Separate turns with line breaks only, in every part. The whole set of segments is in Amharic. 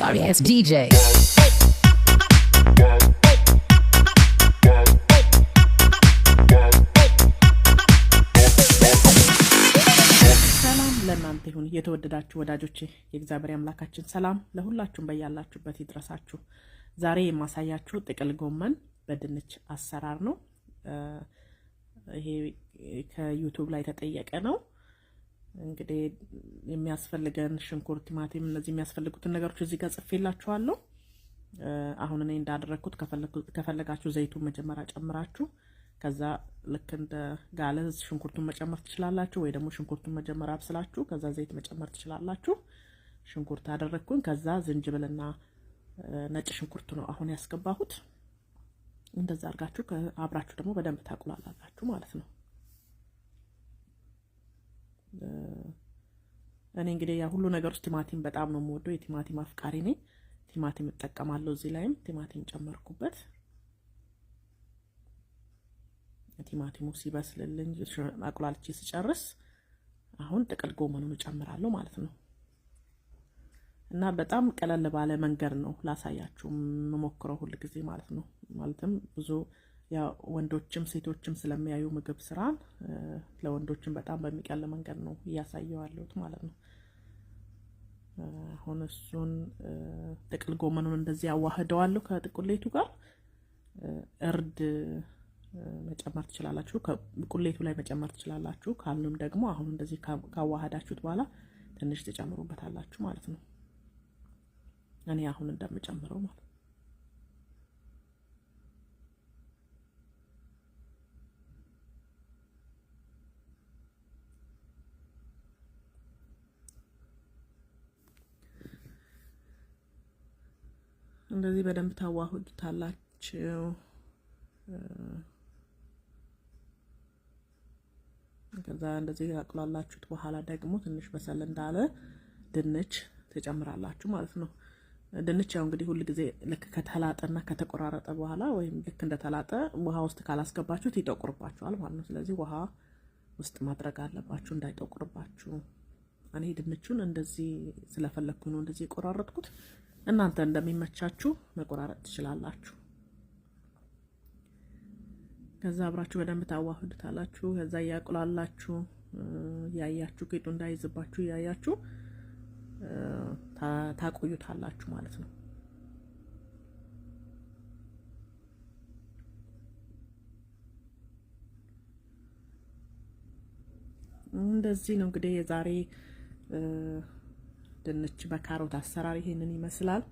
sorry it's DJ. ሰላም ለእናንተ ይሁን የተወደዳችሁ ወዳጆቼ፣ የእግዚአብሔር አምላካችን ሰላም ለሁላችሁም በያላችሁበት ይድረሳችሁ። ዛሬ የማሳያችሁ ጥቅል ጎመን በድንች አሰራር ነው። ይሄ ከዩቱብ ላይ ተጠየቀ ነው እንግዲህ የሚያስፈልገን ሽንኩርት፣ ቲማቲም እነዚህ የሚያስፈልጉትን ነገሮች እዚህ ጋር ጽፌላችኋለሁ። አሁን እኔ እንዳደረግኩት ከፈለጋችሁ ዘይቱን መጀመሪያ ጨምራችሁ ከዛ ልክ እንደ ጋለ ሽንኩርቱን መጨመር ትችላላችሁ፣ ወይ ደግሞ ሽንኩርቱን መጀመሪያ አብስላችሁ ከዛ ዘይት መጨመር ትችላላችሁ። ሽንኩርት አደረግኩኝ። ከዛ ዝንጅብልና ነጭ ሽንኩርት ነው አሁን ያስገባሁት። እንደዛ አድርጋችሁ አብራችሁ ደግሞ በደንብ ታቁላላላችሁ ማለት ነው። እኔ እንግዲህ ያ ሁሉ ነገር ውስጥ ቲማቲም በጣም ነው የምወደው። የቲማቲም አፍቃሪ ነኝ። ቲማቲም እጠቀማለሁ። እዚህ ላይም ቲማቲም ጨመርኩበት። ቲማቲሙ ሲበስልልኝ አቁላልቼ ስጨርስ አሁን ጥቅል ጎመኑን እጨምራለሁ ማለት ነው። እና በጣም ቀለል ባለ መንገድ ነው ላሳያችሁ የምሞክረው ሁል ጊዜ ማለት ነው። ማለትም ብዙ ያው ወንዶችም ሴቶችም ስለሚያዩ ምግብ ስራን ለወንዶችም በጣም በሚቀል መንገድ ነው እያሳየው ያለሁት ማለት ነው። አሁን እሱን ጥቅል ጎመኑን እንደዚህ አዋህደዋለሁ ከጥቁሌቱ ጋር። እርድ መጨመር ትችላላችሁ፣ ቁሌቱ ላይ መጨመር ትችላላችሁ። ካሉም ደግሞ አሁን እንደዚህ ካዋህዳችሁት በኋላ ትንሽ ትጨምሩበታላችሁ ማለት ነው። እኔ አሁን እንደምጨምረው ማለት ነው። እንደዚህ በደንብ ታዋህዱታላችሁ። ከዛ እንደዚህ ያቅላላችሁት በኋላ ደግሞ ትንሽ በሰል እንዳለ ድንች ትጨምራላችሁ ማለት ነው። ድንች ያው እንግዲህ ሁል ጊዜ ልክ ከተላጠና ከተቆራረጠ በኋላ ወይም ልክ እንደተላጠ ውሃ ውስጥ ካላስገባችሁት ይጠቁርባችኋል ማለት ነው። ስለዚህ ውሃ ውስጥ ማድረግ አለባችሁ እንዳይጠቁርባችሁ። እኔ ድንቹን እንደዚህ ስለፈለግኩ ነው እንደዚህ የቆራረጥኩት። እናንተ እንደሚመቻችሁ መቆራረጥ ትችላላችሁ። ከዛ አብራችሁ በደንብ ታዋህዱታላችሁ። ከዛ እያቁላላችሁ ያያችሁ ጌጡ እንዳይዝባችሁ እያያችሁ ታቆዩታላችሁ ማለት ነው። እንደዚህ ነው እንግዲህ የዛሬ ድንች በካሮት አሰራር ይሄንን ይመስላል።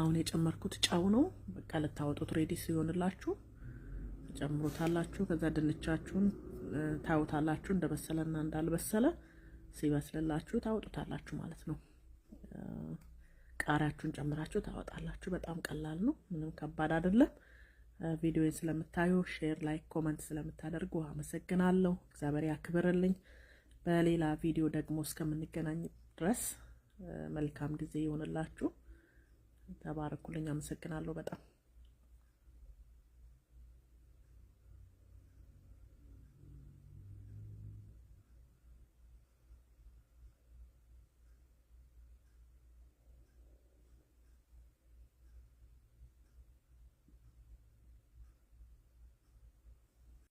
አሁን የጨመርኩት ጨው ነው። በቃ ልታወጡት ሬዲ ሲሆንላችሁ ጨምሮታላችሁ። ከዛ ድንቻችሁን ታዩታላችሁ እንደበሰለና እንዳልበሰለ ሲበስልላችሁ ታወጡታላችሁ ማለት ነው። ቃሪያችሁን ጨምራችሁ ታወጣላችሁ። በጣም ቀላል ነው፣ ምንም ከባድ አይደለም። ቪዲዮን ስለምታዩ ሼር፣ ላይክ፣ ኮመንት ስለምታደርጉ አመሰግናለሁ። እግዚአብሔር ያክብርልኝ። በሌላ ቪዲዮ ደግሞ እስከምንገናኝ ድረስ መልካም ጊዜ ይሆንላችሁ። ተባረኩልኝ። አመሰግናለሁ በጣም